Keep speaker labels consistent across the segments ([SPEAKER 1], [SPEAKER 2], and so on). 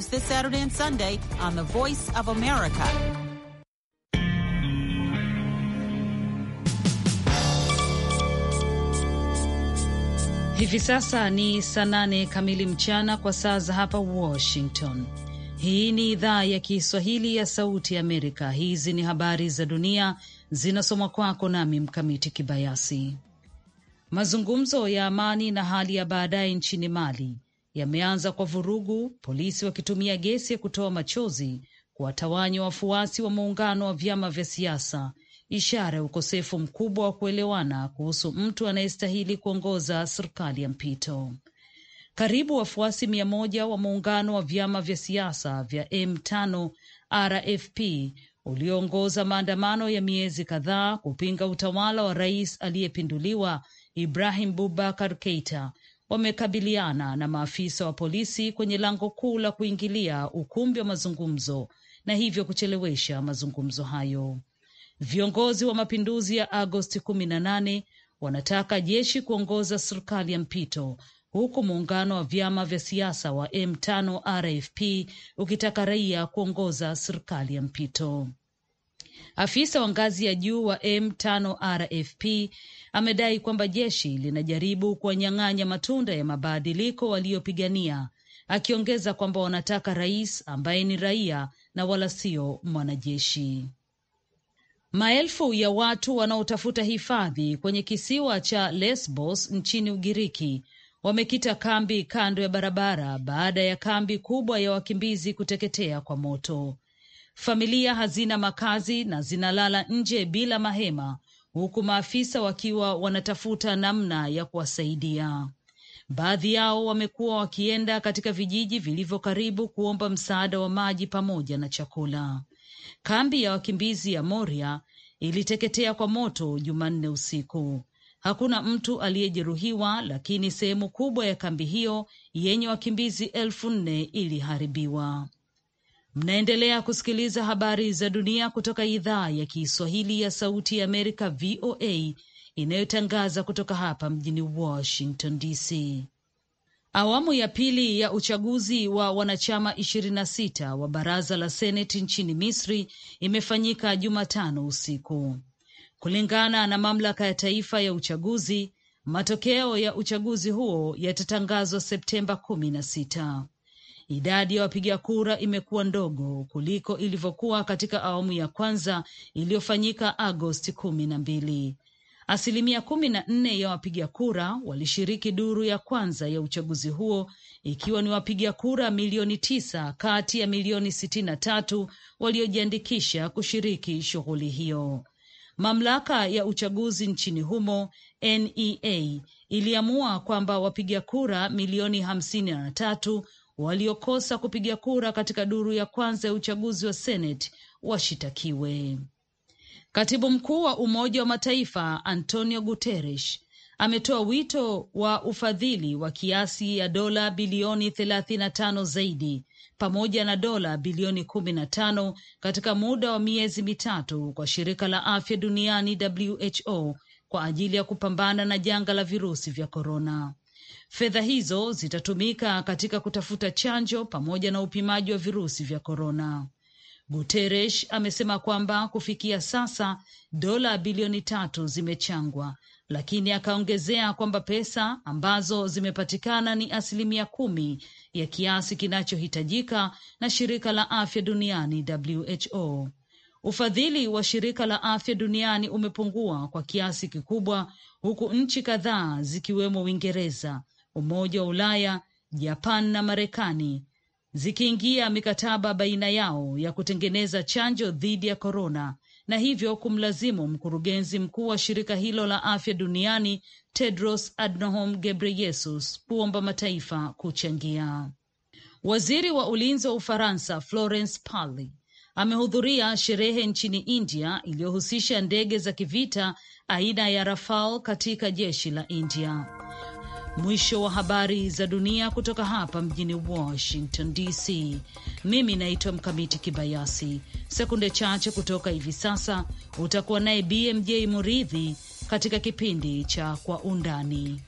[SPEAKER 1] news this Saturday and Sunday on the Voice of America. Hivi sasa ni saa nane kamili mchana kwa saa za hapa Washington. Hii ni idhaa ya Kiswahili ya Sauti Amerika. Hizi ni habari za dunia zinasomwa kwako nami Mkamiti Kibayasi. Mazungumzo ya amani na hali ya baadaye nchini Mali yameanza kwa vurugu, polisi wakitumia gesi ya kutoa machozi kuwatawanya wafuasi wa muungano wa vyama vya siasa, ishara ya ukosefu mkubwa wa kuelewana kuhusu mtu anayestahili kuongoza serikali ya mpito. Karibu wafuasi mia moja wa muungano wa vyama vya siasa vya M5 RFP ulioongoza maandamano ya miezi kadhaa kupinga utawala wa rais aliyepinduliwa Ibrahim Bubakar Keita wamekabiliana na maafisa wa polisi kwenye lango kuu la kuingilia ukumbi wa mazungumzo na hivyo kuchelewesha mazungumzo hayo. Viongozi wa mapinduzi ya Agosti kumi na nane wanataka jeshi kuongoza serikali ya mpito huku muungano wa vyama vya siasa wa M5 RFP ukitaka raia kuongoza serikali ya mpito. Afisa wa ngazi ya juu wa M5 RFP amedai kwamba jeshi linajaribu kuwanyang'anya matunda ya mabadiliko waliyopigania, akiongeza kwamba wanataka rais ambaye ni raia na wala sio mwanajeshi. Maelfu ya watu wanaotafuta hifadhi kwenye kisiwa cha Lesbos nchini Ugiriki wamekita kambi kando ya barabara baada ya kambi kubwa ya wakimbizi kuteketea kwa moto. Familia hazina makazi na zinalala nje bila mahema, huku maafisa wakiwa wanatafuta namna ya kuwasaidia. Baadhi yao wamekuwa wakienda katika vijiji vilivyo karibu kuomba msaada wa maji pamoja na chakula. Kambi ya wakimbizi ya Moria iliteketea kwa moto Jumanne usiku. Hakuna mtu aliyejeruhiwa, lakini sehemu kubwa ya kambi hiyo yenye wakimbizi elfu nne iliharibiwa. Mnaendelea kusikiliza habari za dunia kutoka idhaa ya Kiswahili ya Sauti ya Amerika, VOA, inayotangaza kutoka hapa mjini Washington DC. Awamu ya pili ya uchaguzi wa wanachama 26 wa baraza la seneti nchini Misri imefanyika Jumatano usiku, kulingana na mamlaka ya taifa ya uchaguzi. Matokeo ya uchaguzi huo yatatangazwa Septemba kumi na sita idadi ya wapiga kura imekuwa ndogo kuliko ilivyokuwa katika awamu ya kwanza iliyofanyika Agosti kumi na mbili. Asilimia kumi na nne ya wapiga kura walishiriki duru ya kwanza ya uchaguzi huo ikiwa ni wapiga kura milioni tisa kati ya milioni sitini na tatu waliojiandikisha kushiriki shughuli hiyo. Mamlaka ya uchaguzi nchini humo NEA iliamua kwamba wapiga kura milioni hamsini na tatu waliokosa kupiga kura katika duru ya kwanza ya uchaguzi wa Seneti washitakiwe. Katibu mkuu wa Umoja wa Mataifa Antonio Guterres ametoa wito wa ufadhili wa kiasi ya dola bilioni 35 zaidi pamoja na dola bilioni 15 katika muda wa miezi mitatu kwa shirika la afya duniani WHO kwa ajili ya kupambana na janga la virusi vya korona. Fedha hizo zitatumika katika kutafuta chanjo pamoja na upimaji wa virusi vya korona. Guterres amesema kwamba kufikia sasa dola bilioni tatu zimechangwa, lakini akaongezea kwamba pesa ambazo zimepatikana ni asilimia kumi ya kiasi kinachohitajika na shirika la afya duniani WHO. Ufadhili wa shirika la afya duniani umepungua kwa kiasi kikubwa, huku nchi kadhaa zikiwemo Uingereza Umoja wa Ulaya, Japan na Marekani zikiingia mikataba baina yao ya kutengeneza chanjo dhidi ya korona na hivyo kumlazimu mkurugenzi mkuu wa shirika hilo la afya duniani Tedros Adhanom Ghebreyesus kuomba mataifa kuchangia. Waziri wa ulinzi wa Ufaransa Florence Parly amehudhuria sherehe nchini India iliyohusisha ndege za kivita aina ya Rafale katika jeshi la India. Mwisho wa habari za dunia kutoka hapa mjini Washington DC. Mimi naitwa Mkamiti Kibayasi. Sekunde chache kutoka hivi sasa utakuwa naye BMJ Muridhi katika kipindi cha Kwa Undani.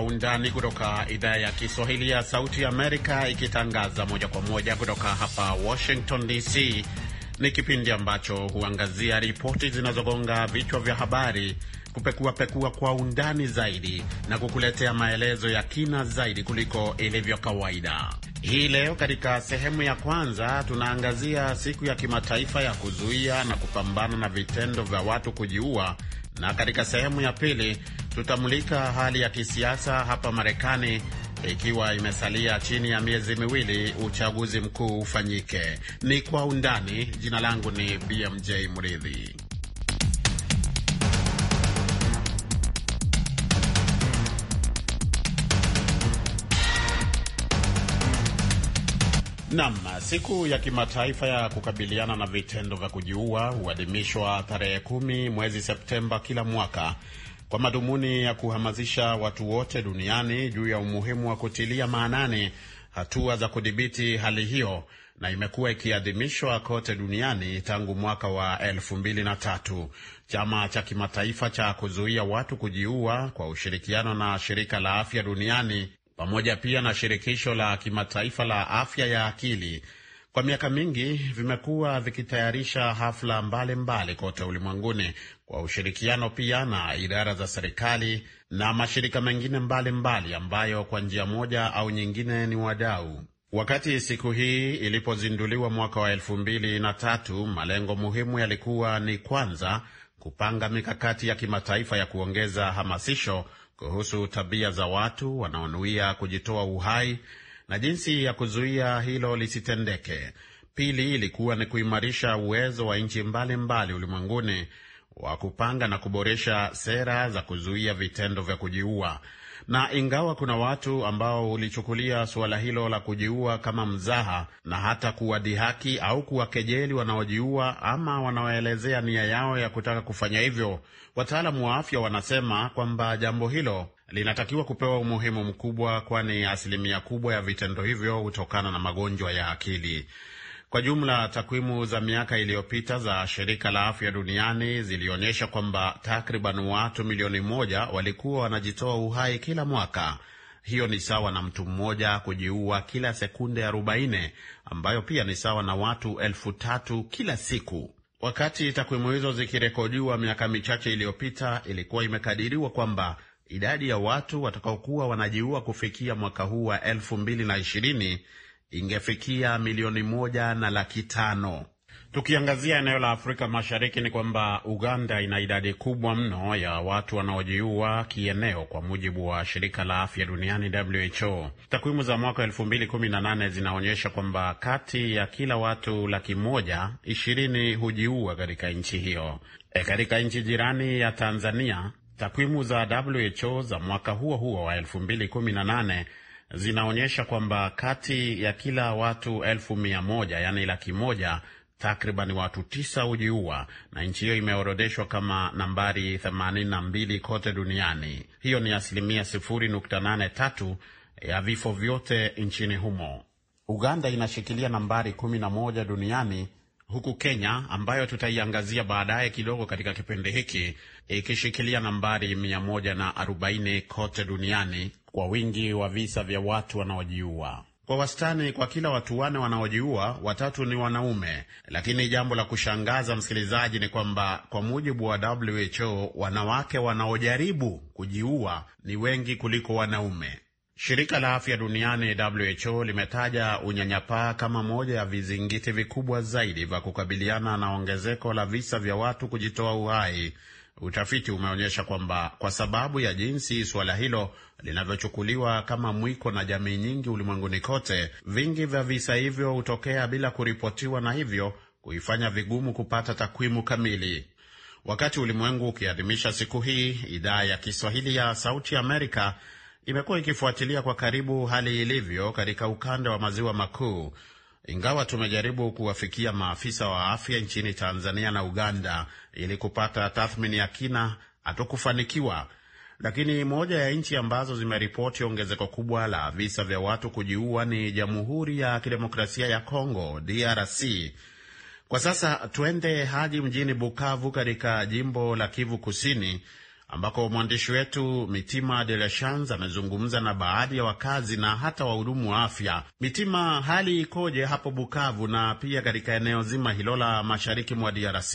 [SPEAKER 2] Undani kutoka idhaa ya Kiswahili ya Sauti Amerika, ikitangaza moja kwa moja kutoka hapa Washington DC. Ni kipindi ambacho huangazia ripoti zinazogonga vichwa vya habari, kupekuapekua kwa undani zaidi na kukuletea maelezo ya kina zaidi kuliko ilivyo kawaida. Hii leo katika sehemu ya kwanza tunaangazia siku ya kimataifa ya kuzuia na kupambana na vitendo vya watu kujiua na katika sehemu ya pili tutamulika hali ya kisiasa hapa Marekani ikiwa imesalia chini ya miezi miwili uchaguzi mkuu ufanyike. Ni kwa undani. Jina langu ni BMJ Mridhi. Nam, siku ya kimataifa ya kukabiliana na vitendo vya kujiua huadhimishwa tarehe kumi mwezi Septemba kila mwaka kwa madhumuni ya kuhamasisha watu wote duniani juu ya umuhimu wa kutilia maanani hatua za kudhibiti hali hiyo, na imekuwa ikiadhimishwa kote duniani tangu mwaka wa elfu mbili na tatu. Chama cha kimataifa cha kuzuia watu kujiua kwa ushirikiano na shirika la afya duniani pamoja pia na shirikisho la kimataifa la afya ya akili kwa miaka mingi vimekuwa vikitayarisha hafla mbalimbali kote ulimwenguni kwa ushirikiano pia na idara za serikali na mashirika mengine mbalimbali mbali ambayo kwa njia moja au nyingine ni wadau. Wakati siku hii ilipozinduliwa mwaka wa elfu mbili na tatu, malengo muhimu yalikuwa ni kwanza, kupanga mikakati ya kimataifa ya kuongeza hamasisho kuhusu tabia za watu wanaonuia kujitoa uhai na jinsi ya kuzuia hilo lisitendeke. Pili ilikuwa ni kuimarisha uwezo wa nchi mbalimbali ulimwenguni wa kupanga na kuboresha sera za kuzuia vitendo vya kujiua na ingawa kuna watu ambao ulichukulia suala hilo la kujiua kama mzaha na hata kuwadhihaki au kuwakejeli wanaojiua ama wanaoelezea nia yao ya kutaka kufanya hivyo, wataalamu wa afya wanasema kwamba jambo hilo linatakiwa kupewa umuhimu mkubwa, kwani asilimia kubwa ya vitendo hivyo hutokana na magonjwa ya akili. Kwa jumla, takwimu za miaka iliyopita za shirika la afya duniani zilionyesha kwamba takriban watu milioni moja walikuwa wanajitoa uhai kila mwaka. Hiyo ni sawa na mtu mmoja kujiua kila sekunde 40, ambayo pia ni sawa na watu elfu tatu kila siku. Wakati takwimu hizo zikirekodiwa miaka michache iliyopita, ilikuwa imekadiriwa kwamba idadi ya watu watakaokuwa wanajiua kufikia mwaka huu wa 2020 ingefikia milioni moja na laki tano. Tukiangazia eneo la Afrika Mashariki ni kwamba Uganda ina idadi kubwa mno ya watu wanaojiua kieneo kwa mujibu wa shirika la afya duniani WHO. Takwimu za mwaka 2018 zinaonyesha kwamba kati ya kila watu laki moja ishirini hujiua katika nchi hiyo. E, katika nchi jirani ya Tanzania takwimu za WHO za mwaka huo huo wa 2018 zinaonyesha kwamba kati ya kila watu elfu mia moja yaani laki moja takriban watu tisa hujiua na nchi hiyo imeorodheshwa kama nambari 82 kote duniani. Hiyo ni asilimia 0.83 ya vifo vyote nchini humo. Uganda inashikilia nambari 11 duniani huku Kenya ambayo tutaiangazia baadaye kidogo katika kipindi hiki ikishikilia nambari 140 kote duniani kwa wingi wa visa vya watu wanaojiua. Kwa wastani kwa kila watu wane wanaojiua watatu ni wanaume. Lakini jambo la kushangaza msikilizaji, ni kwamba kwa mujibu wa WHO wanawake wanaojaribu kujiua ni wengi kuliko wanaume. Shirika la afya duniani WHO limetaja unyanyapaa kama moja ya vizingiti vikubwa zaidi vya kukabiliana na ongezeko la visa vya watu kujitoa uhai. Utafiti umeonyesha kwamba kwa sababu ya jinsi suala hilo linavyochukuliwa kama mwiko na jamii nyingi ulimwenguni kote, vingi vya visa hivyo hutokea bila kuripotiwa na hivyo kuifanya vigumu kupata takwimu kamili. Wakati ulimwengu ukiadhimisha siku hii, idhaa ya Kiswahili ya Sauti Amerika imekuwa ikifuatilia kwa karibu hali ilivyo katika ukanda wa maziwa makuu, ingawa tumejaribu kuwafikia maafisa wa afya nchini Tanzania na Uganda ili kupata tathmini ya kina, hatukufanikiwa. Lakini moja ya nchi ambazo zimeripoti ongezeko kubwa la visa vya watu kujiua ni Jamhuri ya Kidemokrasia ya Kongo, DRC. Kwa sasa twende hadi mjini Bukavu katika jimbo la Kivu Kusini ambako mwandishi wetu Mitima De La Chance amezungumza na baadhi ya wakazi na hata wahudumu wa afya. Mitima, hali ikoje hapo Bukavu na pia katika eneo zima hilo la mashariki mwa DRC?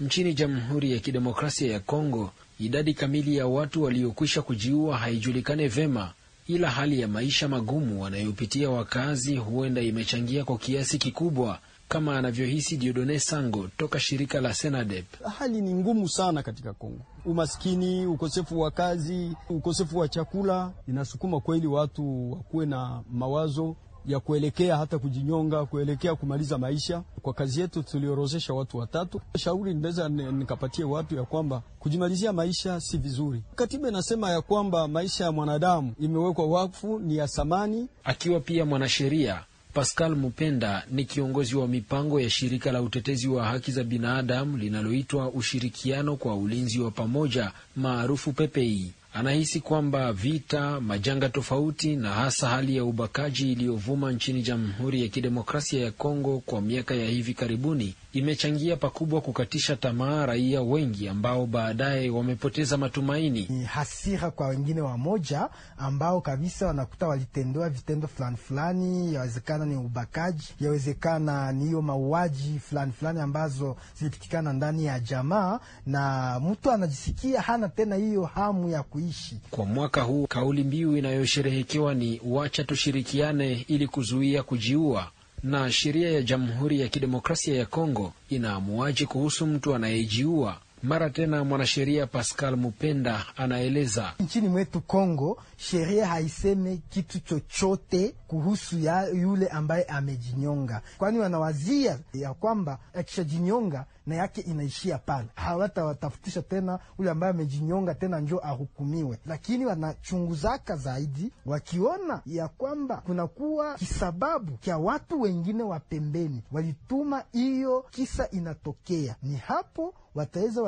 [SPEAKER 2] Nchini
[SPEAKER 3] Jamhuri ya Kidemokrasia ya Kongo, idadi kamili ya watu waliokwisha kujiua haijulikane vema, ila hali ya maisha magumu wanayopitia wakazi huenda imechangia kwa kiasi kikubwa kama anavyohisi Diodone Sango toka shirika la Senadep.
[SPEAKER 4] Hali ni ngumu sana katika Kongo, umaskini, ukosefu wa kazi, ukosefu wa chakula inasukuma kweli watu wakuwe na mawazo ya kuelekea hata kujinyonga, kuelekea kumaliza maisha. Kwa kazi yetu tuliorozesha watu watatu. Shauri ninaweza nikapatie watu ya kwamba kujimalizia maisha si vizuri. Katiba inasema ya kwamba maisha ya mwanadamu imewekwa wakfu, ni ya thamani. Akiwa pia mwanasheria Pascal
[SPEAKER 3] Mupenda ni kiongozi wa mipango ya shirika la utetezi wa haki za binadamu linaloitwa Ushirikiano kwa Ulinzi wa Pamoja maarufu PEPEI. Anahisi kwamba vita, majanga tofauti na hasa hali ya ubakaji iliyovuma nchini Jamhuri ya Kidemokrasia ya Kongo kwa miaka ya hivi karibuni imechangia pakubwa kukatisha tamaa raia wengi ambao baadaye wamepoteza matumaini. Ni
[SPEAKER 4] hasira kwa wengine wamoja ambao kabisa wanakuta walitendewa vitendo fulani fulani, yawezekana ni ubakaji, yawezekana ni hiyo mauaji fulani fulani ambazo zilipitikana ndani ya jamaa, na mtu anajisikia hana tena hiyo hamu ya kuishi.
[SPEAKER 3] Kwa mwaka huu kauli mbiu inayosherehekewa ni wacha tushirikiane ili kuzuia kujiua na sheria ya Jamhuri ya Kidemokrasia ya Kongo inaamuaje kuhusu mtu anayejiua? Mara tena mwanasheria Pascal Mupenda anaeleza,
[SPEAKER 4] nchini mwetu Kongo sheria haiseme kitu chochote kuhusu ya yule ambaye amejinyonga, kwani wanawazia ya kwamba akishajinyonga na yake inaishia pale, hawatawatafutisha tena ule ambaye amejinyonga tena njo ahukumiwe, lakini wanachunguzaka zaidi, wakiona ya kwamba kunakuwa kisababu kya watu wengine wa pembeni walituma hiyo kisa inatokea, ni hapo wataweza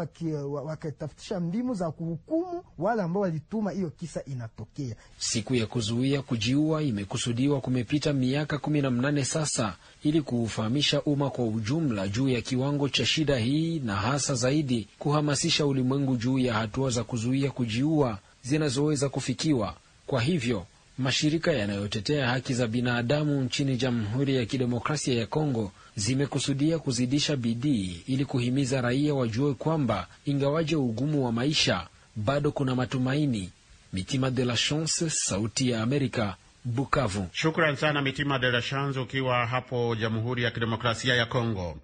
[SPEAKER 4] wakatafutisha mbimu za kuhukumu wale ambao walituma hiyo kisa inatokea.
[SPEAKER 3] Siku ya kuzuia kujiua imekusudiwa kumepita miaka kumi na mnane sasa ili kuufahamisha umma kwa ujumla juu ya kiwango cha shida hii na hasa zaidi kuhamasisha ulimwengu juu ya hatua za kuzuia kujiua zinazoweza kufikiwa. Kwa hivyo mashirika yanayotetea haki za binadamu nchini Jamhuri ya Kidemokrasia ya Kongo zimekusudia kuzidisha bidii ili kuhimiza raia wajue kwamba ingawaje ugumu wa maisha bado kuna matumaini. Mitima de la
[SPEAKER 2] Chance, Sauti ya Amerika, Bukavu. Shukran sana Mitima De La Chance, ukiwa hapo Jamhuri ya Kidemokrasia ya Kongo.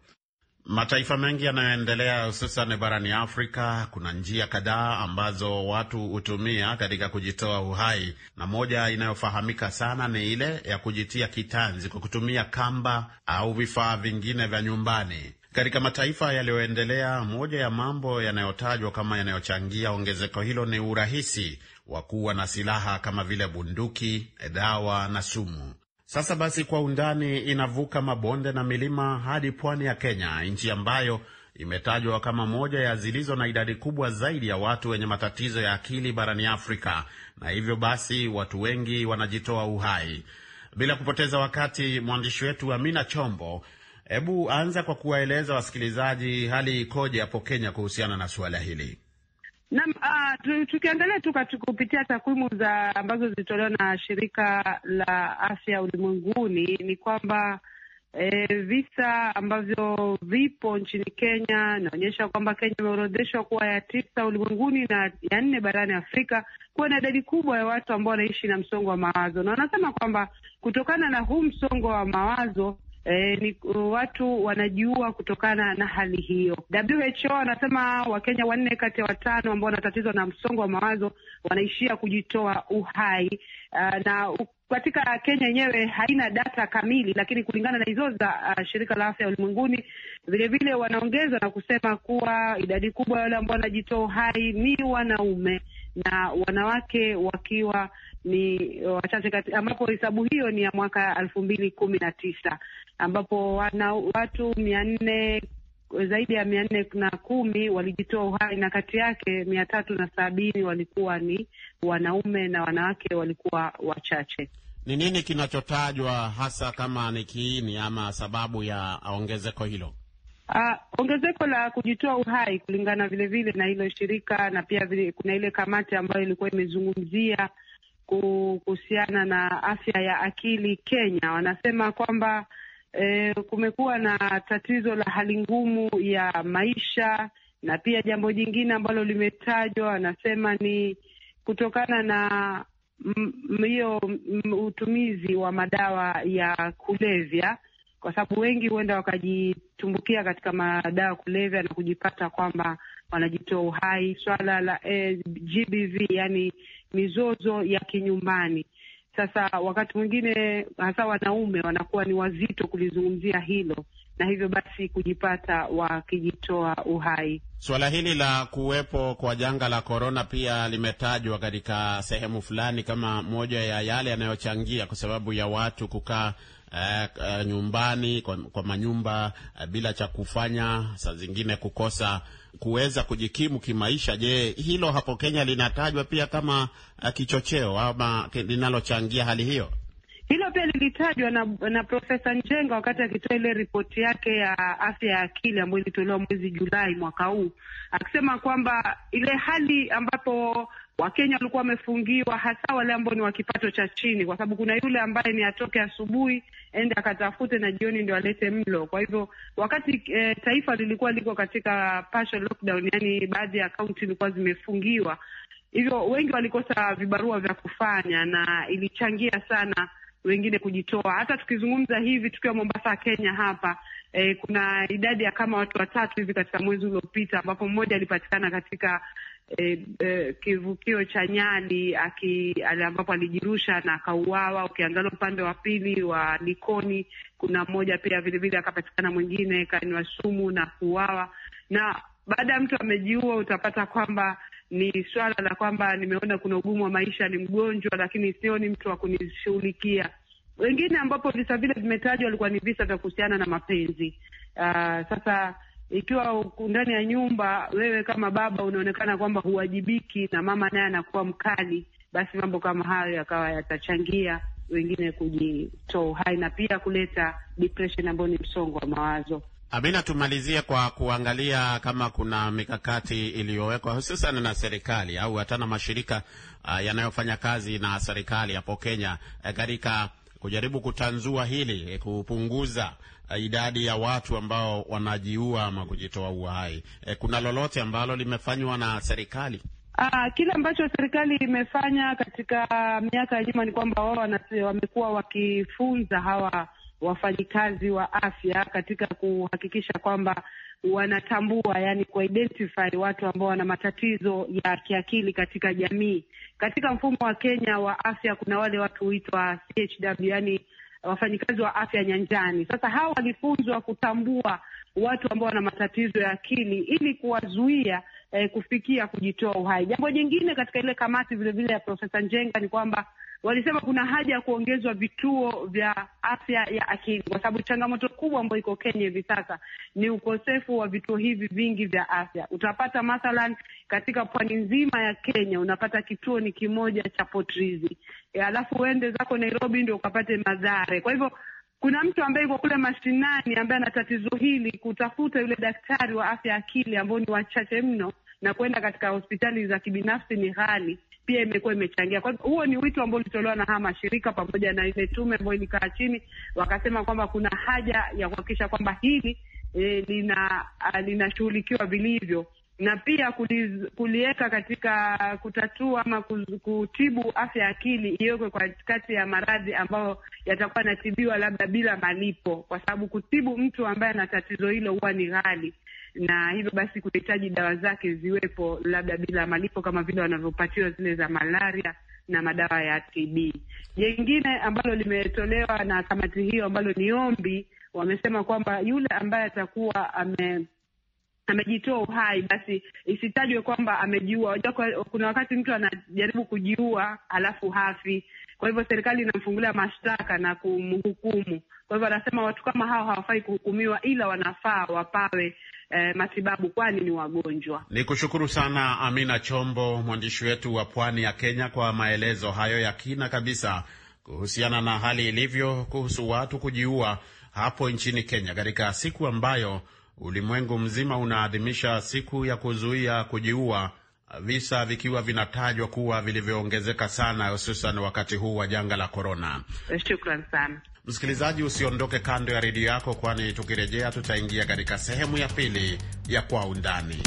[SPEAKER 2] Mataifa mengi yanayoendelea hususan barani Afrika, kuna njia kadhaa ambazo watu hutumia katika kujitoa uhai, na moja inayofahamika sana ni ile ya kujitia kitanzi kwa kutumia kamba au vifaa vingine vya nyumbani. Katika mataifa yaliyoendelea, moja ya mambo yanayotajwa kama yanayochangia ongezeko hilo ni urahisi wa kuwa na silaha kama vile bunduki, dawa na sumu. Sasa basi, kwa undani inavuka mabonde na milima hadi pwani ya Kenya, nchi ambayo imetajwa kama moja ya zilizo na idadi kubwa zaidi ya watu wenye matatizo ya akili barani Afrika, na hivyo basi watu wengi wanajitoa uhai. Bila kupoteza wakati, mwandishi wetu Amina Chombo Hebu anza kwa kuwaeleza wasikilizaji hali ikoje hapo Kenya kuhusiana na suala hili.
[SPEAKER 5] Naam, uh, tukiangalia tu kupitia takwimu za ambazo zilitolewa na shirika la afya ulimwenguni ni kwamba E, visa ambavyo vipo nchini Kenya inaonyesha kwamba Kenya imeorodheshwa kuwa ya tisa ulimwenguni na ya nne barani Afrika kuwa na idadi kubwa ya watu ambao wanaishi na msongo wa mawazo, na wanasema kwamba kutokana na huu msongo wa mawazo e, ni uh, watu wanajiua kutokana na hali hiyo. WHO anasema Wakenya wanne kati ya watano ambao wanatatizwa na msongo wa mawazo wanaishia kujitoa uhai. Uh, na katika Kenya yenyewe haina data kamili, lakini kulingana na hizo za uh, shirika la afya ulimwenguni, vilevile wanaongeza na kusema kuwa idadi kubwa ya wale ambao wanajitoa uhai ni wanaume na wanawake wakiwa ni wachache kati, ambapo hesabu hiyo ni ya mwaka elfu mbili kumi na tisa ambapo wana, watu mia nne zaidi ya mia nne na kumi walijitoa uhai na kati yake mia tatu na sabini walikuwa ni wanaume na wanawake walikuwa wachache.
[SPEAKER 2] Ni nini kinachotajwa hasa kama ni kiini ama sababu ya ongezeko hilo?
[SPEAKER 5] Uh, ongezeko la kujitoa uhai kulingana vilevile na hilo shirika na pia vile, kuna ile kamati ambayo ilikuwa imezungumzia kuhusiana na afya ya akili Kenya, wanasema kwamba e, kumekuwa na tatizo la hali ngumu ya maisha, na pia jambo jingine ambalo limetajwa wanasema ni kutokana na hiyo utumizi wa madawa ya kulevya, kwa sababu wengi huenda wakajitumbukia katika madawa ya kulevya na kujipata kwamba wanajitoa uhai. Swala la eh, GBV yani mizozo ya kinyumbani. Sasa wakati mwingine hasa wanaume wanakuwa ni wazito kulizungumzia hilo, na hivyo basi kujipata wakijitoa uhai. Suala
[SPEAKER 2] hili la kuwepo kwa janga la korona pia limetajwa katika sehemu fulani kama moja ya yale yanayochangia kwa sababu ya watu kukaa uh, uh, nyumbani kwa, kwa manyumba uh, bila cha kufanya, saa zingine kukosa kuweza kujikimu kimaisha. Je, hilo hapo Kenya linatajwa pia kama uh, kichocheo ama linalochangia hali hiyo?
[SPEAKER 5] Hilo pia lilitajwa na, na Profesa Njenga wakati akitoa ile ripoti yake ya afya ya akili ambayo ilitolewa mwezi Julai mwaka huu, akisema kwamba ile hali ambapo Wakenya walikuwa wamefungiwa hasa wale ambao ni wa kipato cha chini, kwa sababu kuna yule ambaye ni atoke asubuhi ende akatafute na jioni ndio alete mlo. Kwa hivyo wakati eh, taifa lilikuwa liko katika partial lockdown, yani baadhi ya kaunti zilikuwa zimefungiwa, hivyo wengi walikosa vibarua vya kufanya na ilichangia sana wengine kujitoa. Hata tukizungumza hivi tukiwa Mombasa, Kenya hapa eh, kuna idadi ya kama watu watatu hivi katika mwezi uliopita, ambapo mmoja alipatikana katika eh, eh, kivukio cha Nyali ambapo alijirusha na akauawa. Ukiangalia upande wa pili wa Likoni, kuna mmoja pia vilevile akapatikana, mwingine kanywa sumu na kuuawa. Na baada ya mtu amejiua utapata kwamba ni swala la kwamba nimeona kuna ugumu wa maisha, ni mgonjwa, lakini sioni mtu wa kunishughulikia. Wengine ambapo visa vile vimetajwa walikuwa ni visa vya kuhusiana na mapenzi. Uh, sasa ikiwa ndani ya nyumba wewe kama baba unaonekana kwamba huwajibiki na mama naye anakuwa mkali, basi mambo kama hayo yakawa yatachangia wengine kujitoa uhai na pia kuleta depression ambayo ni msongo wa mawazo.
[SPEAKER 2] Amina, tumalizie kwa kuangalia kama kuna mikakati iliyowekwa hususan na serikali au hata na mashirika uh, yanayofanya kazi na serikali hapo Kenya eh, katika kujaribu kutanzua hili, eh, kupunguza eh, idadi ya watu ambao wanajiua ama kujitoa uhai. Kuna lolote ambalo limefanywa na serikali?
[SPEAKER 5] Ah, kile ambacho serikali imefanya katika miaka ya nyuma ni kwamba wao wamekuwa wakifunza hawa wafanyikazi wa afya katika kuhakikisha kwamba wanatambua, yani kuidentify watu ambao wana matatizo ya kiakili katika jamii. Katika mfumo wa Kenya wa afya kuna wale watu huitwa CHW, yani wafanyikazi wa afya nyanjani. Sasa hawa walifunzwa kutambua watu ambao wana matatizo ya akili ili kuwazuia eh, kufikia kujitoa uhai. Jambo jingine katika ile kamati vilevile ya Profesa Njenga ni kwamba Walisema kuna haja ya kuongezwa vituo vya afya ya akili, kwa sababu changamoto kubwa ambayo iko Kenya hivi sasa ni ukosefu wa vituo hivi vingi vya afya. Utapata mathalan katika pwani nzima ya Kenya unapata kituo ni kimoja cha Potrizi, e, alafu uende zako Nairobi ndio ukapate Madhare. Kwa hivyo kuna mtu ambaye yuko kule mashinani ambaye ana tatizo hili, kutafuta yule daktari wa afya ya akili ambao ni wachache mno, na kwenda katika hospitali za kibinafsi ni ghali pia imekuwa imechangia. Kwa hivyo huo ni wito ambao ulitolewa na haya mashirika pamoja na ile tume ambayo ilikaa chini, wakasema kwamba kuna haja ya kuhakikisha kwamba hili e, linashughulikiwa vilivyo na pia kuliweka katika kutatua ama kutibu afya ya akili iwekwe katikati ya maradhi ambayo yatakuwa yanatibiwa labda bila malipo, kwa sababu kutibu mtu ambaye ana tatizo hilo huwa ni ghali na hivyo basi kunahitaji dawa zake ziwepo labda bila malipo kama vile wanavyopatiwa zile za malaria na madawa ya TB. Jengine ambalo limetolewa na kamati hiyo ambalo ni ombi, wamesema kwamba yule ambaye atakuwa ame amejitoa uhai basi isitajwe kwamba amejiua. kuna wakati mtu anajaribu kujiua alafu hafi. Kwa hivyo serikali inamfungulia mashtaka na kumhukumu. Kwa hivyo anasema watu kama hao hawafai kuhukumiwa, ila wanafaa wapawe eh, matibabu kwani ni wagonjwa.
[SPEAKER 2] Ni kushukuru sana Amina Chombo, mwandishi wetu wa pwani ya Kenya, kwa maelezo hayo ya kina kabisa kuhusiana na hali ilivyo kuhusu watu kujiua hapo nchini Kenya katika siku ambayo ulimwengu mzima unaadhimisha siku ya kuzuia kujiua visa vikiwa vinatajwa kuwa vilivyoongezeka sana, hususan wakati huu wa janga la korona.
[SPEAKER 5] Shukran sana
[SPEAKER 2] msikilizaji, usiondoke kando ya redio yako, kwani tukirejea tutaingia katika sehemu ya pili ya Kwa Undani.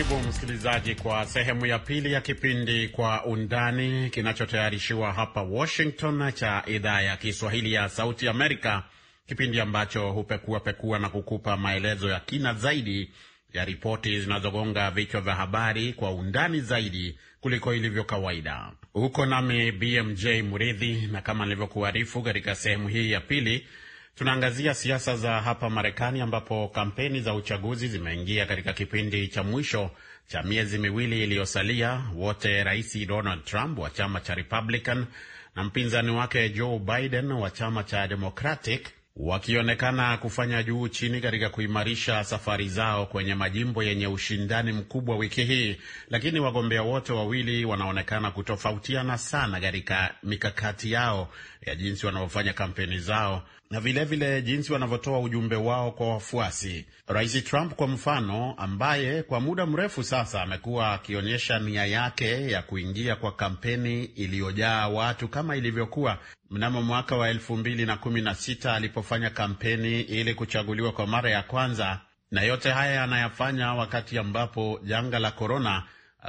[SPEAKER 2] Karibu msikilizaji kwa sehemu ya pili ya kipindi Kwa Undani kinachotayarishiwa hapa Washington cha idhaa ya Kiswahili ya Sauti Amerika, kipindi ambacho hupekuapekua na kukupa maelezo ya kina zaidi ya ripoti zinazogonga vichwa vya habari kwa undani zaidi kuliko ilivyo kawaida. Huko nami BMJ Muridhi, na kama nilivyokuarifu katika sehemu hii ya pili Tunaangazia siasa za hapa Marekani ambapo kampeni za uchaguzi zimeingia katika kipindi cha mwisho cha miezi miwili iliyosalia. Wote Rais Donald Trump wa chama cha Republican na mpinzani wake Joe Biden wa chama cha Democratic wakionekana kufanya juu chini katika kuimarisha safari zao kwenye majimbo yenye ushindani mkubwa wiki hii, lakini wagombea wote wawili wanaonekana kutofautiana sana katika mikakati yao ya jinsi wanavyofanya kampeni zao na vilevile vile jinsi wanavyotoa ujumbe wao kwa wafuasi. Rais Trump kwa mfano, ambaye kwa muda mrefu sasa amekuwa akionyesha nia yake ya kuingia kwa kampeni iliyojaa watu kama ilivyokuwa mnamo mwaka wa elfu mbili na kumi na sita alipofanya kampeni ili kuchaguliwa kwa mara ya kwanza, na yote haya anayafanya wakati ambapo janga la korona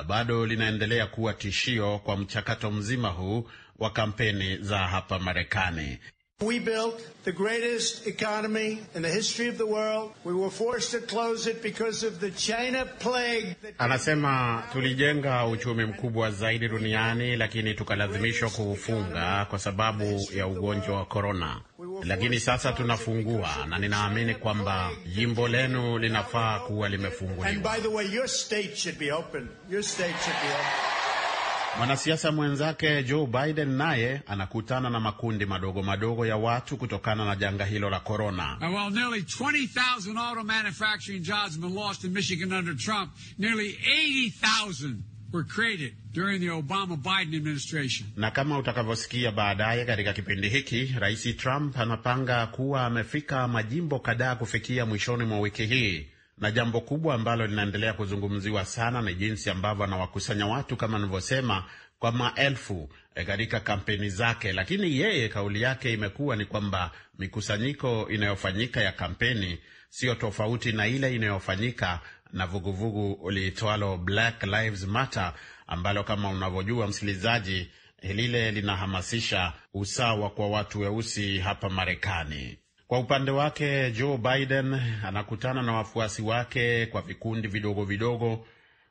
[SPEAKER 2] bado linaendelea kuwa tishio kwa mchakato mzima huu wa kampeni za hapa Marekani.
[SPEAKER 4] We built the greatest economy in the history of the world. We were forced to close it because of the China plague.
[SPEAKER 2] Anasema tulijenga uchumi mkubwa zaidi duniani lakini tukalazimishwa kuufunga kwa sababu ya ugonjwa wa korona. Lakini sasa tunafungua na ninaamini kwamba jimbo lenu linafaa kuwa limefunguliwa. Mwanasiasa mwenzake Joe Biden naye anakutana na makundi madogo madogo ya watu kutokana na janga hilo la korona. Na kama utakavyosikia baadaye katika kipindi hiki, Rais Trump anapanga kuwa amefika majimbo kadhaa kufikia mwishoni mwa wiki hii na jambo kubwa ambalo linaendelea kuzungumziwa sana ni jinsi ambavyo anawakusanya watu kama nilivyosema, kwa maelfu eh, katika kampeni zake. Lakini yeye kauli yake imekuwa ni kwamba mikusanyiko inayofanyika ya kampeni sio tofauti na ile inayofanyika na vuguvugu liitwalo Black Lives Matter ambalo kama unavyojua msikilizaji, eh, lile linahamasisha usawa kwa watu weusi hapa Marekani. Kwa upande wake Joe Biden anakutana na wafuasi wake kwa vikundi vidogo vidogo,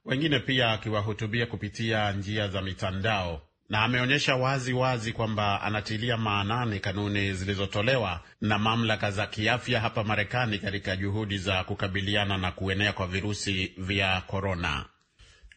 [SPEAKER 2] wengine pia akiwahutubia kupitia njia za mitandao, na ameonyesha wazi wazi kwamba anatilia maanani kanuni zilizotolewa na mamlaka za kiafya hapa Marekani katika juhudi za kukabiliana na kuenea kwa virusi vya korona.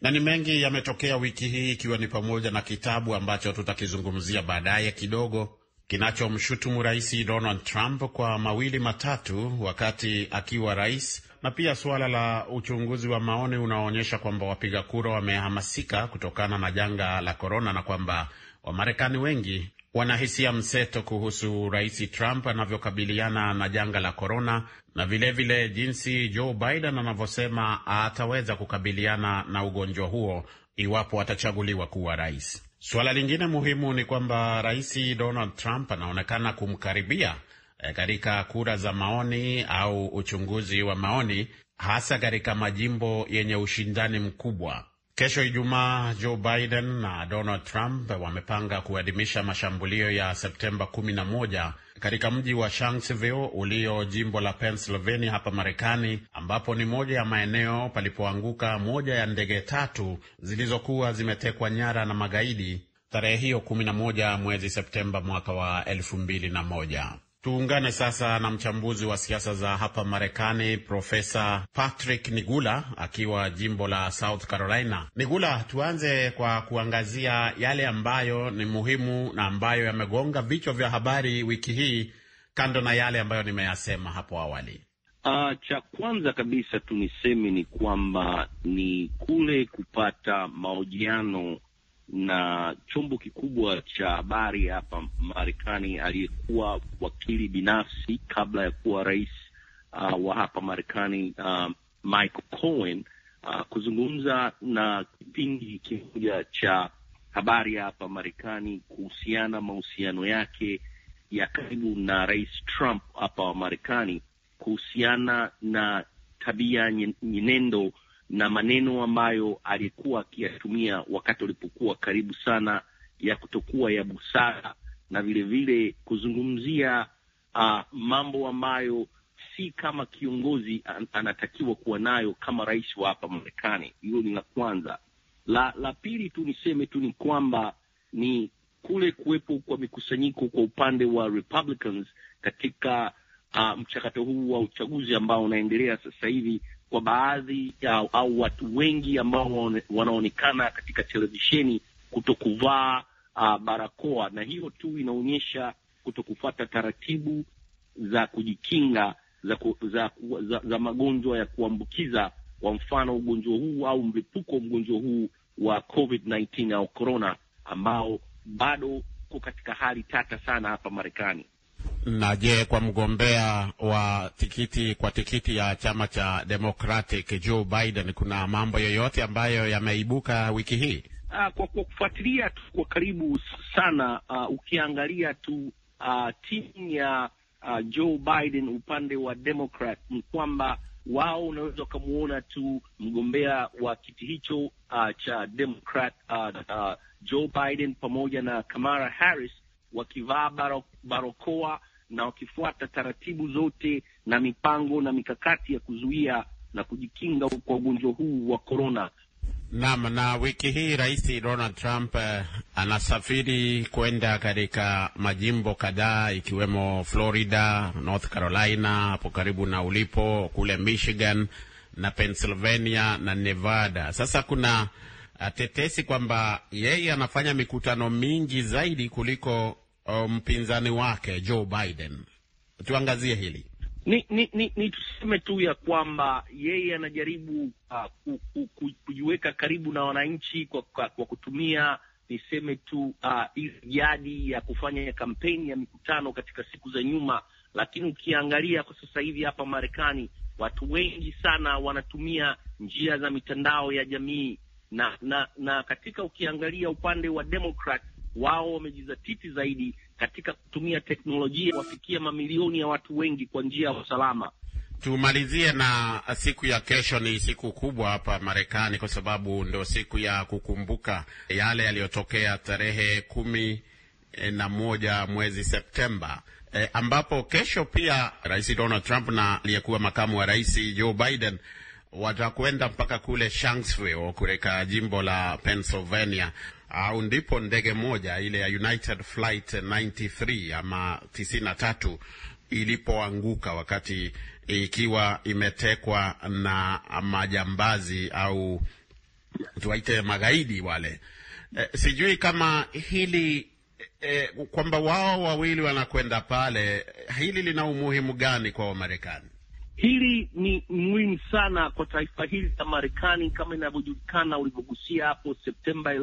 [SPEAKER 2] Na ni mengi yametokea wiki hii, ikiwa ni pamoja na kitabu ambacho tutakizungumzia baadaye kidogo kinachomshutumu Rais Donald Trump kwa mawili matatu wakati akiwa rais, na pia suala la uchunguzi wa maoni unaoonyesha kwamba wapiga kura wamehamasika kutokana na janga la korona na kwamba Wamarekani wengi wanahisia mseto kuhusu Rais Trump anavyokabiliana na janga la korona na vilevile vile jinsi Joe Biden anavyosema ataweza kukabiliana na ugonjwa huo iwapo atachaguliwa kuwa rais. Suala lingine muhimu ni kwamba Rais Donald Trump anaonekana kumkaribia eh, katika kura za maoni au uchunguzi wa maoni hasa katika majimbo yenye ushindani mkubwa. Kesho Ijumaa, Joe Biden na Donald Trump wamepanga kuadhimisha mashambulio ya Septemba 11 katika mji wa Shanksville ulio jimbo la Pennsylvania hapa Marekani, ambapo ni moja ya maeneo palipoanguka moja ya ndege tatu zilizokuwa zimetekwa nyara na magaidi tarehe hiyo 11 mwezi Septemba mwaka wa 2001. Tuungane sasa na mchambuzi wa siasa za hapa Marekani, Profesa Patrick Nigula akiwa jimbo la South Carolina. Nigula, tuanze kwa kuangazia yale ambayo ni muhimu na ambayo yamegonga vichwa vya habari wiki hii, kando na yale ambayo nimeyasema hapo awali.
[SPEAKER 6] Uh, cha kwanza kabisa tuniseme ni kwamba ni kule kupata mahojiano na chombo kikubwa cha habari hapa Marekani, aliyekuwa wakili binafsi kabla ya kuwa rais uh, wa hapa Marekani uh, Michael Cohen uh, kuzungumza na kipindi kimoja cha habari hapa Marekani kuhusiana mahusiano yake ya karibu na Rais Trump hapa wa Marekani kuhusiana na tabia nyenendo na maneno ambayo alikuwa akiyatumia wakati walipokuwa karibu sana ya kutokuwa ya busara na vilevile vile kuzungumzia uh, mambo ambayo si kama kiongozi anatakiwa kuwa nayo kama rais wa hapa Marekani. Hilo ni la kwanza. La, la pili tu niseme tu ni kwamba ni kule kuwepo kwa mikusanyiko kwa upande wa Republicans katika uh, mchakato huu wa uchaguzi ambao unaendelea sasa hivi kwa baadhi ya au watu wengi ambao wanaonekana katika televisheni kuto kuvaa uh, ah, barakoa, na hiyo tu inaonyesha kuto kufuata taratibu za kujikinga za, ku, za, za, za magonjwa ya kuambukiza, kwa mfano ugonjwa huu au mlipuko wa mgonjwa huu wa COVID-19 au corona ambao bado uko katika hali tata sana hapa Marekani.
[SPEAKER 2] Na je, kwa mgombea wa tikiti kwa tikiti ya chama cha Democratic Joe Biden, kuna mambo yoyote ambayo yameibuka wiki hii?
[SPEAKER 6] Aa, ah, kwa, kwa kufuatilia tu kwa karibu sana uh, ukiangalia tu uh, timu ya uh, Joe Biden upande wa Democrat ni kwamba wao unaweza ukamwona tu mgombea wa kiti hicho uh, cha Democrat uh, uh, Joe Biden pamoja na Kamala Harris wakivaa baro, barokoa na wakifuata taratibu zote na mipango na mikakati ya kuzuia na kujikinga kwa ugonjwa huu wa
[SPEAKER 2] korona. Naam, na wiki hii Rais Donald Trump eh, anasafiri kwenda katika majimbo kadhaa ikiwemo Florida, North Carolina hapo karibu na ulipo, kule Michigan na Pennsylvania na Nevada. Sasa kuna eh, tetesi kwamba yeye anafanya mikutano mingi zaidi kuliko mpinzani wake Joe Biden. Tuangazie hili.
[SPEAKER 6] Ni, ni, ni, ni tuseme tu ya kwamba yeye anajaribu uh, ku, ku, kujiweka karibu na wananchi kwa, kwa, kwa kutumia niseme tu hizi uh, ah, jadi ya kufanya kampeni ya mikutano katika siku za nyuma, lakini ukiangalia kwa sasa hivi hapa Marekani watu wengi sana wanatumia njia za mitandao ya jamii na na, na katika ukiangalia upande wa Democrat wao wamejizatiti zaidi katika kutumia teknolojia wafikia mamilioni ya watu wengi kwa njia ya usalama.
[SPEAKER 2] Tumalizie na siku ya kesho. Ni siku kubwa hapa Marekani kwa sababu ndio siku ya kukumbuka yale yaliyotokea tarehe kumi eh, na moja mwezi Septemba, e, ambapo kesho pia Rais Donald Trump na aliyekuwa makamu wa rais Joe Biden watakwenda mpaka kule Shanksville katika jimbo la Pennsylvania au ndipo ndege moja ile ya United Flight 93 ama 93 ilipoanguka wakati ikiwa imetekwa na majambazi au tuwaite magaidi wale. E, sijui kama hili e, kwamba wao wawili wanakwenda pale, hili lina umuhimu gani kwa Wamarekani? Hili ni muhimu sana kwa taifa hili la Marekani,
[SPEAKER 6] kama inavyojulikana ulivyogusia hapo Septemba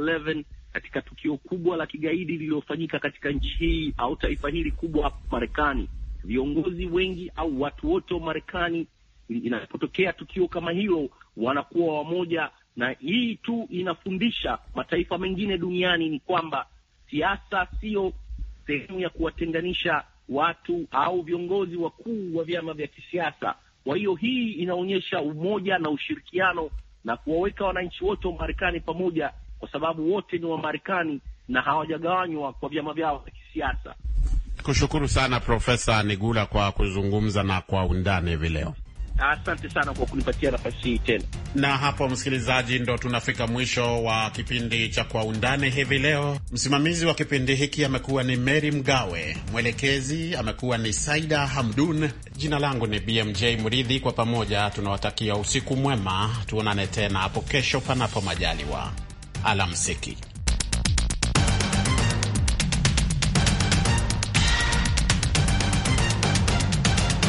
[SPEAKER 6] katika tukio kubwa la kigaidi lililofanyika katika nchi hii au taifa hili kubwa hapa Marekani. Viongozi wengi au watu wote wa Marekani, inapotokea tukio kama hilo, wanakuwa wamoja, na hii tu inafundisha mataifa mengine duniani ni kwamba siasa sio sehemu ya kuwatenganisha watu au viongozi wakuu wa vyama vya kisiasa. Kwa hiyo hii inaonyesha umoja na ushirikiano na kuwaweka wananchi wote wa Marekani pamoja kwa sababu wote ni Wamarekani na hawajagawanywa kwa vyama vyao vya kisiasa.
[SPEAKER 2] Kushukuru sana Profesa Nigula kwa kuzungumza na kwa undani hivi leo. Asante sana kwa kunipatia nafasi hii tena. Na hapo, msikilizaji, ndo tunafika mwisho wa kipindi cha Kwa Undani hivi leo. Msimamizi wa kipindi hiki amekuwa ni Mary Mgawe, mwelekezi amekuwa ni Saida Hamdun, jina langu ni BMJ Mridhi. Kwa pamoja tunawatakia usiku mwema, tuonane tena hapo kesho, panapo majaliwa alamsiki.